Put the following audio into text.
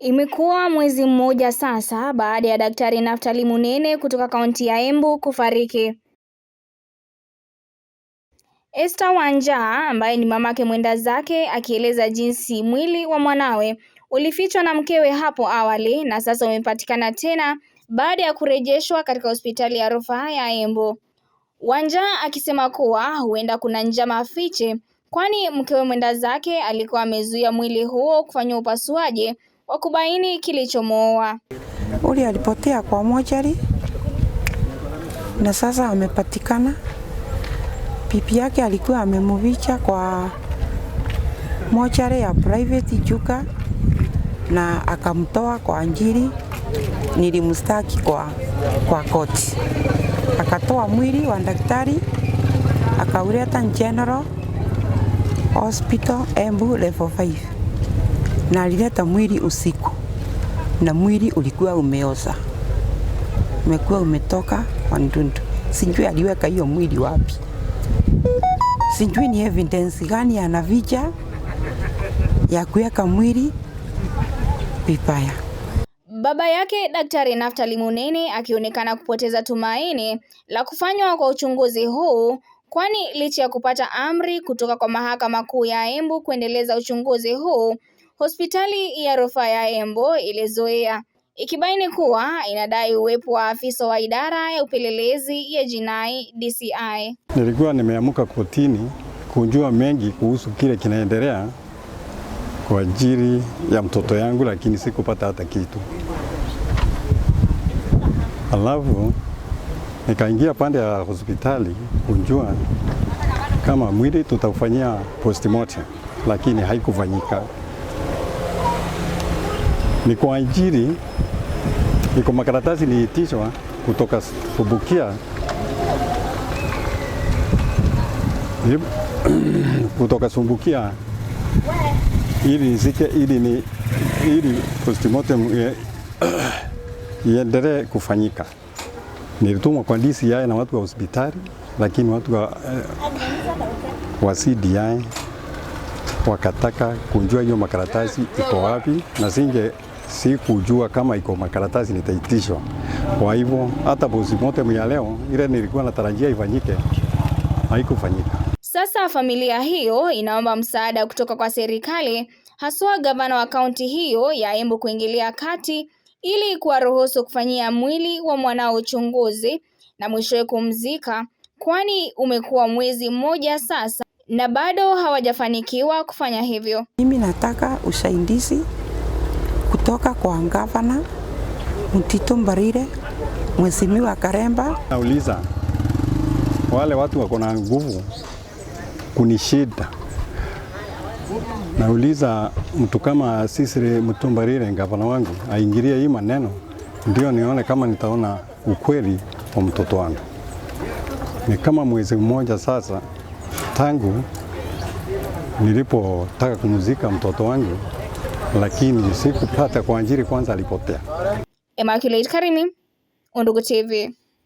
Imekuwa mwezi mmoja sasa baada ya Daktari Naftali Munene kutoka kaunti ya Embu kufariki. Esther Wanja ambaye ni mamake mwenda zake akieleza jinsi mwili wa mwanawe ulifichwa na mkewe hapo awali na sasa umepatikana tena baada ya kurejeshwa katika hospitali ya rufaa ya Embu. Wanja akisema kuwa huenda kuna njama fiche kwani mkewe mwenda zake alikuwa amezuia mwili huo kufanywa upasuaji wa kubaini kilichomuua. Uli alipotea kwa mochari na sasa amepatikana. pipi yake alikuwa amemuvicha kwa mochari ya private Chuka na akamtoa kwa Anjiri. Nilimstaki kwa, kwa koti, akatoa mwili wa daktari akaureta General Hospital Embu level 5 na alileta mwili usiku, na mwili ulikuwa umeoza, umekuwa umetoka kwa ndundu. Sijui aliweka hiyo mwili wapi, sijui ni evidence gani anavija ya kuweka mwili vibaya. Baba yake Daktari Naftali Munene akionekana kupoteza tumaini la kufanywa kwa uchunguzi huu, kwani licha ya kupata amri kutoka kwa Mahakama Kuu ya Embu kuendeleza uchunguzi huu Hospitali ya rufaa ya Embo ilizuia ikibaini kuwa inadai uwepo wa afisa wa idara ya upelelezi ya jinai DCI. Nilikuwa nimeamka kotini kujua mengi kuhusu kile kinaendelea kwa ajili ya mtoto yangu, lakini sikupata hata kitu. Alafu nikaingia pande ya hospitali kujua kama mwili tutaufanyia postmortem, lakini haikufanyika ni kwa ajili iko makaratasi niitishwa kutoka kubukia kutoka Sumbukia ili nizike, ili ni ili postmortem iendelee kufanyika. Nilitumwa kwa DCI na watu wa hospitali, lakini watu wa, eh, wa CDI wakataka kunjua hiyo makaratasi iko wapi na singe sikujua kama iko makaratasi nitaitishwa. Kwa hivyo hata mote ya leo ile nilikuwa natarajia ifanyike haikufanyika. Sasa familia hiyo inaomba msaada kutoka kwa serikali, haswa gavana wa kaunti hiyo ya Embu kuingilia kati ili kuwaruhusu kufanyia mwili wa mwanao uchunguzi na mwishowe kumzika, kwani umekuwa mwezi mmoja sasa na bado hawajafanikiwa kufanya hivyo. Mimi nataka usaidizi kutoka kwa gavana Mtito Mbarire, mheshimiwa Karemba. Nauliza wale watu wako na nguvu kunishida, nauliza mtu kama sisiri Mtito Mbarire, gavana wangu, aingilie hii maneno, ndio nione kama nitaona ukweli wa mtoto wangu. Ni kama mwezi mmoja sasa tangu nilipotaka kumzika mtoto wangu lakini sikupata kwa ajili kwanza alipotea. Immaculate Karimi, Undugu TV.